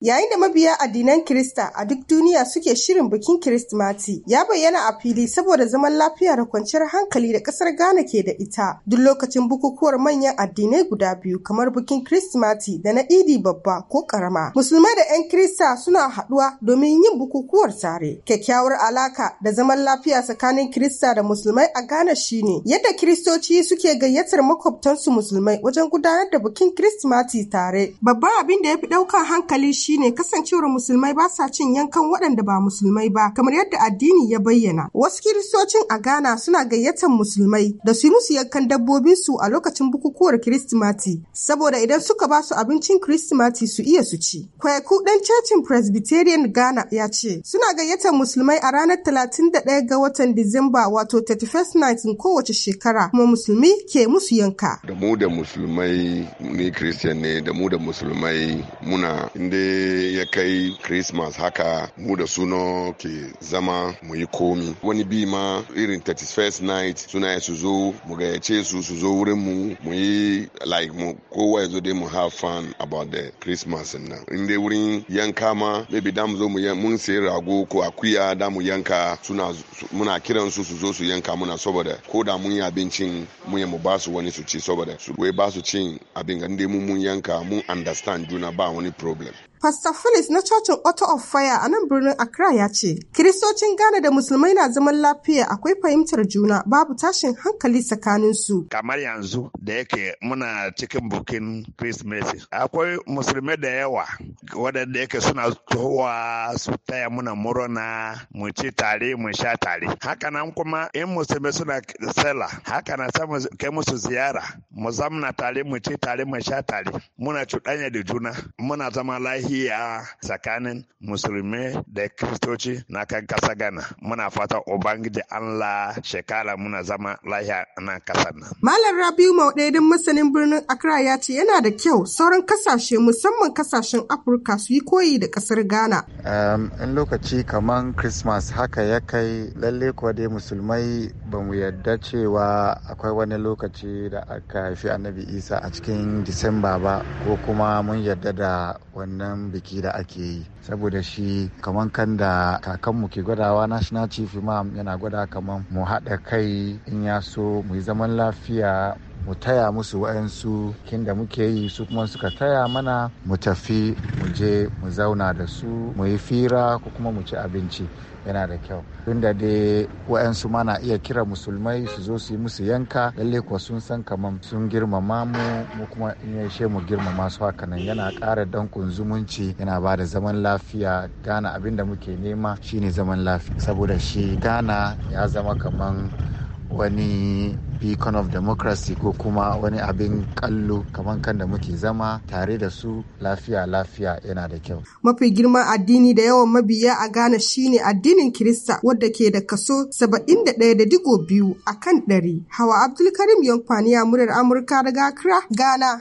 Yayin da mabiya addinan Kirista a duk duniya suke shirin bikin Kiristimati, ya bayyana a fili saboda zaman lafiya da kwanciyar hankali da ƙasar Ghana ke da ita duk lokacin bukukuwar manyan addinai guda biyu kamar bikin kiristimati da na Idi babba ko Karama. Musulmai da 'yan Kirista suna haɗuwa domin yin bukukuwar tare. Kyakkyawar alaka da zaman lafiya tsakanin Kirista da Musulmai a Ghana shine yadda Kiristoci suke gayyatar makwabtansu Musulmai wajen gudanar da bikin Kiristimati tare. Babban abin da ya fi ɗaukar hankali shi shine kasancewar musulmai ba sa cin yankan waɗanda ba musulmai ba kamar yadda addini ya bayyana. Wasu kiristocin a Ghana suna gayyatar musulmai da su musu yankan dabbobin su a lokacin bukukuwar Kiristimati saboda idan suka ba su abincin Kiristimati su iya su ci. Kwayaku ɗan cocin Presbyterian Ghana ya ce suna gayyatar musulmai a ranar ɗaya ga watan Disamba wato 31st night kowace shekara kuma musulmi ke musu yanka. Da mu da musulmai ni Christian ne da mu da musulmai muna inda ya kai christmas haka mu da suno ke zama mu yi komi wani bi ma irin 31st night suna su zo mu gayyace su su zo wurin mu mu yi like mu kowa ya zo dai mu have fun about the christmas nan in dai wurin yanka ma maybe da mu zo mun sayi rago ko akuya da mu yanka suna muna kiran su su zo su yanka muna saboda ko da mun yi abincin mu mu ba su wani su ci saboda su wai ba su cin abin ga mun yanka mun understand juna ba wani problem Pastor Phyllis na cocin Auto of Fire a nan birnin Accra ya ce, Kiristocin Ghana da Musulmai na zaman lafiya akwai fahimtar juna babu tashin hankali tsakanin su. Kamar yanzu da yake muna cikin bukin Christmas, akwai Musulmai da yawa waɗanda yake suna tsohuwa su taya muna murona mu ci tare mu sha tare. Hakanan kuma in Musulmai suna sela, hakanan sai mu kai musu ziyara, mu zamna tare mu ci tare mu sha tare, muna cuɗanya da juna, muna zama lahi nahiya tsakanin Musulmi da kristoci na kan kasa gana muna fata ubangiji allah shekara muna zama lahiya na kasar nan malam rabiu maudaidin masanin birnin accra ya ce yana da kyau sauran kasashe musamman kasashen afirka su yi koyi da kasar ghana in lokaci kamar christmas haka ya kai lalle kuwa dai musulmai ba mu yarda cewa akwai wani lokaci da aka haifi annabi isa a cikin disamba ba ko kuma mun yarda da wannan wannan biki da ake yi saboda shi kaman kan da kakanmu ke gwadawa national chief imam yana gwada kaman mu haɗa kai in ya so mu yi zaman lafiya mu taya musu wa'yansu kin da muke yi su kuma suka taya mana mu tafi mu je mu zauna da su mu yi fira ko kuma mu ci abinci yana da kyau da dai wa'yansu mana iya kira musulmai su zo su yi musu yanka lalle kuwa sun san kamar sun girmama mu mu kuma in ishe mu girmama su haka nan yana ƙara dankun zumunci yana ba da zaman lafiya gana abin da muke nema shine zaman lafiya saboda shi gana ya zama kaman wani beacon of democracy ko kuma wani abin kallo kamar kan da muke zama tare da su lafiya lafiya yana da kyau. Mafi girman addini da yawan mabiya a Ghana shine addinin Kirista wadda ke da kaso 71.2 a kan ɗari. Hawa Abdulkarim Yonkpaniya murar Amurka daga Accra, Ghana.